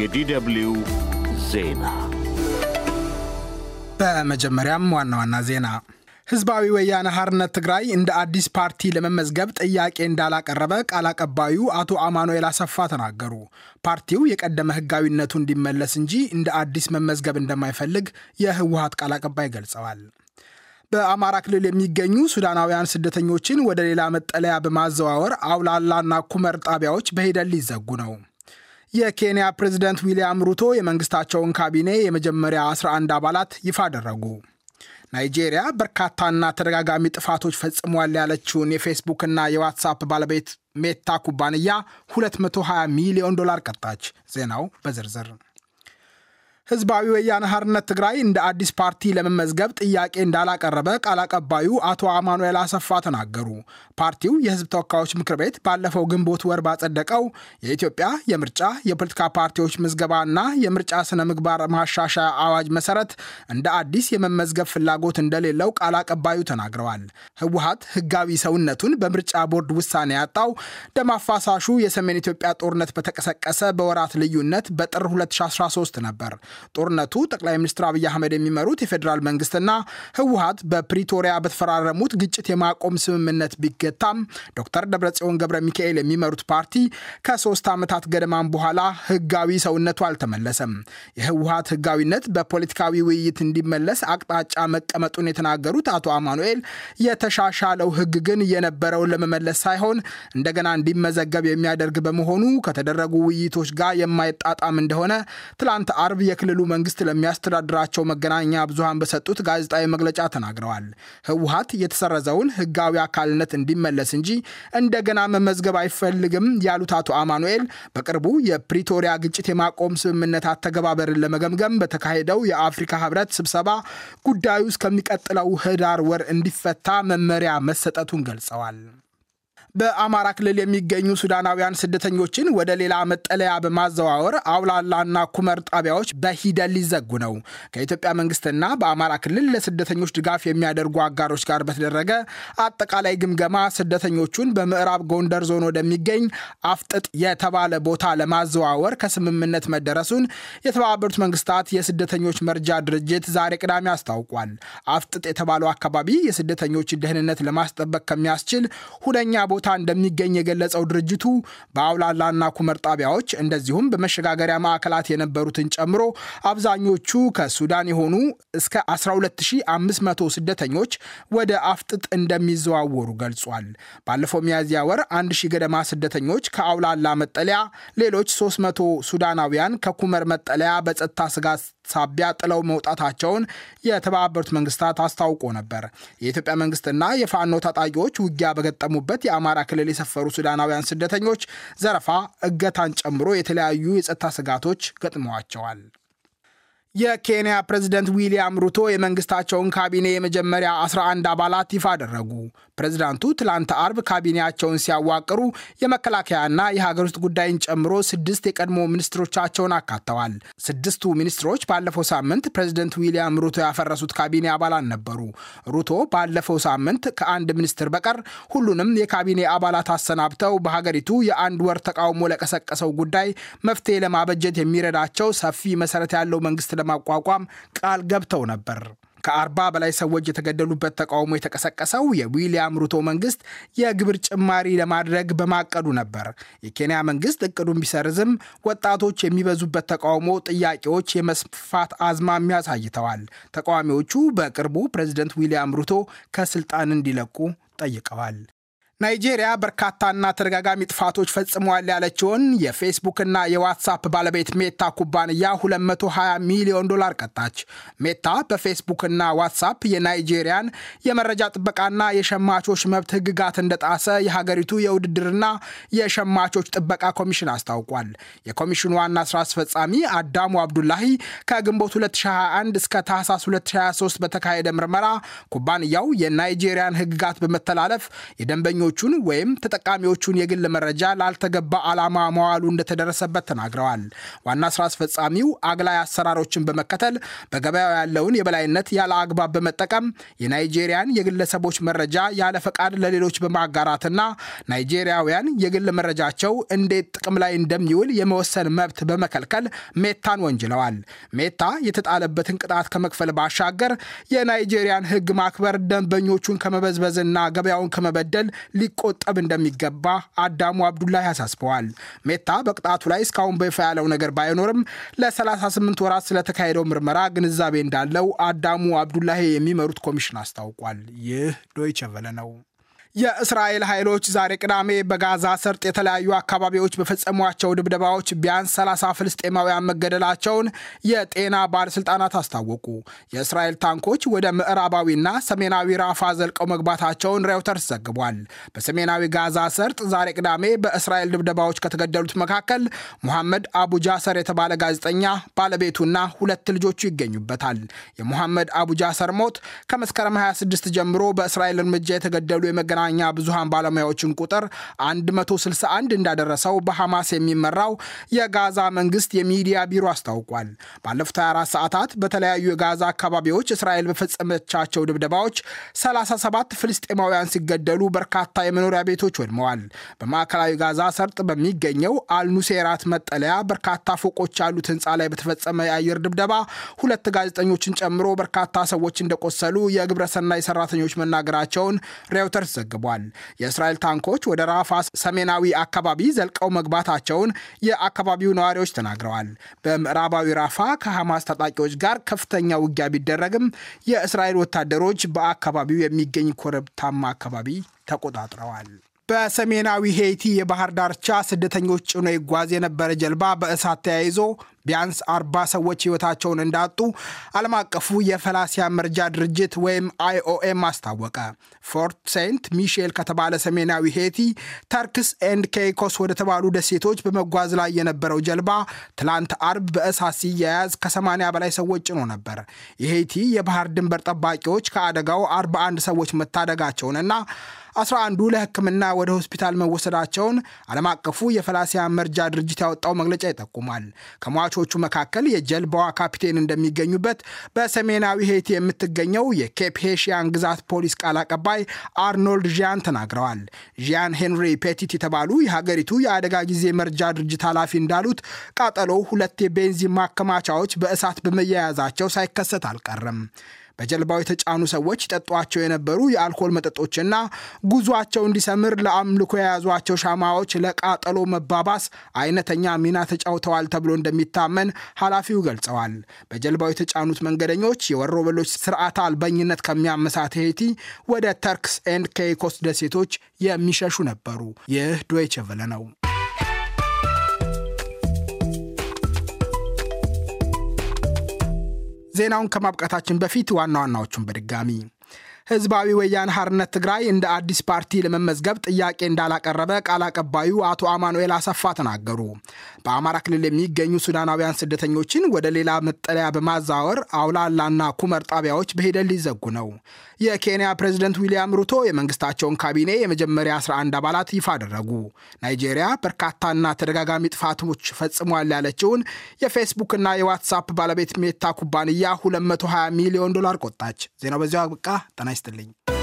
የዲደብልዩ ዜና። በመጀመሪያም ዋና ዋና ዜና ህዝባዊ ወያነ ሐርነት ትግራይ እንደ አዲስ ፓርቲ ለመመዝገብ ጥያቄ እንዳላቀረበ ቃል አቀባዩ አቶ አማኑኤል አሰፋ ተናገሩ። ፓርቲው የቀደመ ህጋዊነቱ እንዲመለስ እንጂ እንደ አዲስ መመዝገብ እንደማይፈልግ የህወሀት ቃል አቀባይ ገልጸዋል። በአማራ ክልል የሚገኙ ሱዳናውያን ስደተኞችን ወደ ሌላ መጠለያ በማዘዋወር አውላላና ኩመር ጣቢያዎች በሂደት ሊዘጉ ነው። የኬንያ ፕሬዝደንት ዊልያም ሩቶ የመንግስታቸውን ካቢኔ የመጀመሪያ 11 አባላት ይፋ አደረጉ። ናይጄሪያ በርካታና ተደጋጋሚ ጥፋቶች ፈጽሟል ያለችውን የፌስቡክና የዋትሳፕ ባለቤት ሜታ ኩባንያ 220 ሚሊዮን ዶላር ቀጣች። ዜናው በዝርዝር ህዝባዊ ወያነ ሓርነት ትግራይ እንደ አዲስ ፓርቲ ለመመዝገብ ጥያቄ እንዳላቀረበ ቃል አቀባዩ አቶ አማኑኤል አሰፋ ተናገሩ። ፓርቲው የህዝብ ተወካዮች ምክር ቤት ባለፈው ግንቦት ወር ባጸደቀው የኢትዮጵያ የምርጫ የፖለቲካ ፓርቲዎች ምዝገባና የምርጫ ስነ ምግባር ማሻሻያ አዋጅ መሰረት እንደ አዲስ የመመዝገብ ፍላጎት እንደሌለው ቃል አቀባዩ ተናግረዋል። ህወሀት ህጋዊ ሰውነቱን በምርጫ ቦርድ ውሳኔ ያጣው ደም አፋሳሹ የሰሜን ኢትዮጵያ ጦርነት በተቀሰቀሰ በወራት ልዩነት በጥር 2013 ነበር። ጦርነቱ ጠቅላይ ሚኒስትር አብይ አህመድ የሚመሩት የፌዴራል መንግስትና ህወሀት በፕሪቶሪያ በተፈራረሙት ግጭት የማቆም ስምምነት ቢገታም ዶክተር ደብረጽዮን ገብረ ሚካኤል የሚመሩት ፓርቲ ከሶስት ዓመታት ገደማም በኋላ ህጋዊ ሰውነቱ አልተመለሰም። የህወሀት ህጋዊነት በፖለቲካዊ ውይይት እንዲመለስ አቅጣጫ መቀመጡን የተናገሩት አቶ አማኑኤል የተሻሻለው ህግ ግን የነበረውን ለመመለስ ሳይሆን እንደገና እንዲመዘገብ የሚያደርግ በመሆኑ ከተደረጉ ውይይቶች ጋር የማይጣጣም እንደሆነ ትላንት አርብ የክል የክልሉ መንግስት ለሚያስተዳድራቸው መገናኛ ብዙሃን በሰጡት ጋዜጣዊ መግለጫ ተናግረዋል። ህወሀት የተሰረዘውን ህጋዊ አካልነት እንዲመለስ እንጂ እንደገና መመዝገብ አይፈልግም ያሉት አቶ አማኑኤል በቅርቡ የፕሪቶሪያ ግጭት የማቆም ስምምነት አተገባበርን ለመገምገም በተካሄደው የአፍሪካ ህብረት ስብሰባ ጉዳዩ እስከሚቀጥለው ህዳር ወር እንዲፈታ መመሪያ መሰጠቱን ገልጸዋል። በአማራ ክልል የሚገኙ ሱዳናውያን ስደተኞችን ወደ ሌላ መጠለያ በማዘዋወር አውላላና ኩመር ጣቢያዎች በሂደት ሊዘጉ ነው። ከኢትዮጵያ መንግስትና በአማራ ክልል ለስደተኞች ድጋፍ የሚያደርጉ አጋሮች ጋር በተደረገ አጠቃላይ ግምገማ ስደተኞቹን በምዕራብ ጎንደር ዞን ወደሚገኝ አፍጥጥ የተባለ ቦታ ለማዘዋወር ከስምምነት መደረሱን የተባበሩት መንግስታት የስደተኞች መርጃ ድርጅት ዛሬ ቅዳሜ አስታውቋል። አፍጥጥ የተባለው አካባቢ የስደተኞችን ደህንነት ለማስጠበቅ ከሚያስችል ሁነኛ ቦታ እንደሚገኝ የገለጸው ድርጅቱ በአውላላና ኩመር ጣቢያዎች እንደዚሁም በመሸጋገሪያ ማዕከላት የነበሩትን ጨምሮ አብዛኞቹ ከሱዳን የሆኑ እስከ 12500 ስደተኞች ወደ አፍጥጥ እንደሚዘዋወሩ ገልጿል። ባለፈው ሚያዝያ ወር 1000 ገደማ ስደተኞች ከአውላላ መጠለያ፣ ሌሎች 300 ሱዳናውያን ከኩመር መጠለያ በጸጥታ ስጋት ሳቢያ ጥለው መውጣታቸውን የተባበሩት መንግስታት አስታውቆ ነበር። የኢትዮጵያ መንግስትና የፋኖ ታጣቂዎች ውጊያ በገጠሙበት አማራ ክልል የሰፈሩ ሱዳናውያን ስደተኞች ዘረፋ፣ እገታን ጨምሮ የተለያዩ የጸጥታ ስጋቶች ገጥመዋቸዋል። የኬንያ ፕሬዝደንት ዊሊያም ሩቶ የመንግስታቸውን ካቢኔ የመጀመሪያ 11 አባላት ይፋ አደረጉ። ፕሬዝዳንቱ ትላንት አርብ ካቢኔያቸውን ሲያዋቅሩ የመከላከያና የሀገር ውስጥ ጉዳይን ጨምሮ ስድስት የቀድሞ ሚኒስትሮቻቸውን አካተዋል። ስድስቱ ሚኒስትሮች ባለፈው ሳምንት ፕሬዝደንት ዊሊያም ሩቶ ያፈረሱት ካቢኔ አባላት ነበሩ። ሩቶ ባለፈው ሳምንት ከአንድ ሚኒስትር በቀር ሁሉንም የካቢኔ አባላት አሰናብተው በሀገሪቱ የአንድ ወር ተቃውሞ ለቀሰቀሰው ጉዳይ መፍትሄ ለማበጀት የሚረዳቸው ሰፊ መሰረት ያለው መንግስት ለማቋቋም ቃል ገብተው ነበር። ከአርባ በላይ ሰዎች የተገደሉበት ተቃውሞ የተቀሰቀሰው የዊሊያም ሩቶ መንግስት የግብር ጭማሪ ለማድረግ በማቀዱ ነበር። የኬንያ መንግስት እቅዱን ቢሰርዝም ወጣቶች የሚበዙበት ተቃውሞ ጥያቄዎች የመስፋት አዝማሚያ አሳይተዋል። ተቃዋሚዎቹ በቅርቡ ፕሬዚደንት ዊሊያም ሩቶ ከስልጣን እንዲለቁ ጠይቀዋል። ናይጄሪያ በርካታና ተደጋጋሚ ጥፋቶች ፈጽመዋል ያለችውን የፌስቡክና የዋትሳፕ ባለቤት ሜታ ኩባንያ 220 ሚሊዮን ዶላር ቀጣች። ሜታ በፌስቡክና ዋትሳፕ የናይጄሪያን የመረጃ ጥበቃና የሸማቾች መብት ሕግጋት እንደጣሰ የሀገሪቱ የውድድርና የሸማቾች ጥበቃ ኮሚሽን አስታውቋል። የኮሚሽኑ ዋና ስራ አስፈጻሚ አዳሙ አብዱላሂ ከግንቦት 2021 እስከ ታህሳስ 2023 በተካሄደ ምርመራ ኩባንያው የናይጄሪያን ሕግጋት በመተላለፍ የደንበኞ የደንበኞቹን ወይም ተጠቃሚዎቹን የግል መረጃ ላልተገባ ዓላማ መዋሉ እንደተደረሰበት ተናግረዋል። ዋና ስራ አስፈጻሚው አግላይ አሰራሮችን በመከተል በገበያው ያለውን የበላይነት ያለ አግባብ በመጠቀም የናይጄሪያን የግለሰቦች መረጃ ያለ ፈቃድ ለሌሎች በማጋራትና ናይጄሪያውያን የግል መረጃቸው እንዴት ጥቅም ላይ እንደሚውል የመወሰን መብት በመከልከል ሜታን ወንጅለዋል። ሜታ የተጣለበትን ቅጣት ከመክፈል ባሻገር የናይጄሪያን ሕግ ማክበር ደንበኞቹን ከመበዝበዝና ገበያውን ከመበደል ሊቆጠብ እንደሚገባ አዳሙ አብዱላ አሳስበዋል። ሜታ በቅጣቱ ላይ እስካሁን በይፋ ያለው ነገር ባይኖርም ለ38 ወራት ስለተካሄደው ምርመራ ግንዛቤ እንዳለው አዳሙ አብዱላሂ የሚመሩት ኮሚሽን አስታውቋል። ይህ ዶይቸ ቨለ ነው። የእስራኤል ኃይሎች ዛሬ ቅዳሜ በጋዛ ሰርጥ የተለያዩ አካባቢዎች በፈጸሟቸው ድብደባዎች ቢያንስ 30 ፍልስጤማውያን መገደላቸውን የጤና ባለሥልጣናት አስታወቁ። የእስራኤል ታንኮች ወደ ምዕራባዊና ሰሜናዊ ራፋ ዘልቀው መግባታቸውን ሬውተርስ ዘግቧል። በሰሜናዊ ጋዛ ሰርጥ ዛሬ ቅዳሜ በእስራኤል ድብደባዎች ከተገደሉት መካከል ሙሐመድ አቡ ጃሰር የተባለ ጋዜጠኛ ባለቤቱና ሁለት ልጆቹ ይገኙበታል። የሙሐመድ አቡ ጃሰር ሞት ከመስከረም 26 ጀምሮ በእስራኤል እርምጃ የተገደሉ የመገ የመገናኛ ብዙሃን ባለሙያዎችን ቁጥር 161 እንዳደረሰው በሐማስ የሚመራው የጋዛ መንግስት የሚዲያ ቢሮ አስታውቋል። ባለፉት 24 ሰዓታት በተለያዩ የጋዛ አካባቢዎች እስራኤል በፈጸመቻቸው ድብደባዎች 37 ፍልስጤማውያን ሲገደሉ በርካታ የመኖሪያ ቤቶች ወድመዋል። በማዕከላዊ ጋዛ ሰርጥ በሚገኘው አልኑሴራት መጠለያ በርካታ ፎቆች ያሉት ህንፃ ላይ በተፈጸመ የአየር ድብደባ ሁለት ጋዜጠኞችን ጨምሮ በርካታ ሰዎች እንደቆሰሉ የግብረሰናይ ሰራተኞች መናገራቸውን ሬውተርስ ዘግቧል። የእስራኤል ታንኮች ወደ ራፋ ሰሜናዊ አካባቢ ዘልቀው መግባታቸውን የአካባቢው ነዋሪዎች ተናግረዋል። በምዕራባዊ ራፋ ከሐማስ ታጣቂዎች ጋር ከፍተኛ ውጊያ ቢደረግም የእስራኤል ወታደሮች በአካባቢው የሚገኝ ኮረብታማ አካባቢ ተቆጣጥረዋል። በሰሜናዊ ሄይቲ የባህር ዳርቻ ስደተኞች ጭኖ ይጓዝ የነበረ ጀልባ በእሳት ተያይዞ ቢያንስ አርባ ሰዎች ሕይወታቸውን እንዳጡ ዓለም አቀፉ የፈላሲያ መርጃ ድርጅት ወይም አይኦኤም አስታወቀ። ፎርት ሴንት ሚሼል ከተባለ ሰሜናዊ ሄቲ ተርክስ ኤንድ ኬይኮስ ወደተባሉ ደሴቶች በመጓዝ ላይ የነበረው ጀልባ ትላንት አርብ በእሳት ሲያያዝ ከ በላይ ሰዎች ጭኖ ነበር። የሄቲ የባህር ድንበር ጠባቂዎች ከአደጋው አንድ ሰዎች መታደጋቸውንና አስራ አንዱ ለሕክምና ወደ ሆስፒታል መወሰዳቸውን ዓለም አቀፉ የፈላሲያ መርጃ ድርጅት ያወጣው መግለጫ ይጠቁማል። ከሟቾቹ መካከል የጀልባዋ ካፒቴን እንደሚገኙበት በሰሜናዊ ሄይቲ የምትገኘው የኬፕ ሄሽያን ግዛት ፖሊስ ቃል አቀባይ አርኖልድ ዣን ተናግረዋል። ዣን ሄንሪ ፔቲት የተባሉ የሀገሪቱ የአደጋ ጊዜ መርጃ ድርጅት ኃላፊ እንዳሉት ቃጠሎ ሁለት የቤንዚን ማከማቻዎች በእሳት በመያያዛቸው ሳይከሰት አልቀረም። በጀልባው የተጫኑ ሰዎች ይጠጧቸው የነበሩ የአልኮል መጠጦችና ጉዟቸው እንዲሰምር ለአምልኮ የያዟቸው ሻማዎች ለቃጠሎ መባባስ አይነተኛ ሚና ተጫውተዋል ተብሎ እንደሚታመን ኃላፊው ገልጸዋል። በጀልባው የተጫኑት መንገደኞች የወሮበሎች ስርዓተ አልበኝነት ከሚያመሳት ሄይቲ ወደ ተርክስ ኤንድ ኬይኮስ ደሴቶች የሚሸሹ ነበሩ። ይህ ዶይቸ ቬለ ነው። ዜናውን ከማብቃታችን በፊት ዋና ዋናዎቹን በድጋሚ ህዝባዊ ወያነ ሓርነት ትግራይ እንደ አዲስ ፓርቲ ለመመዝገብ ጥያቄ እንዳላቀረበ ቃል አቀባዩ አቶ አማኑኤል አሰፋ ተናገሩ። በአማራ ክልል የሚገኙ ሱዳናውያን ስደተኞችን ወደ ሌላ መጠለያ በማዛወር አውላላና ኩመር ጣቢያዎች በሂደት ሊዘጉ ነው። የኬንያ ፕሬዝደንት ዊልያም ሩቶ የመንግስታቸውን ካቢኔ የመጀመሪያ 11 አባላት ይፋ አደረጉ። ናይጄሪያ በርካታና ተደጋጋሚ ጥፋቶች ፈጽሟል ያለችውን የፌስቡክና የዋትሳፕ ባለቤት ሜታ ኩባንያ 220 ሚሊዮን ዶላር ቆጣች። ዜናው በዚያው አበቃ። ጤና the link.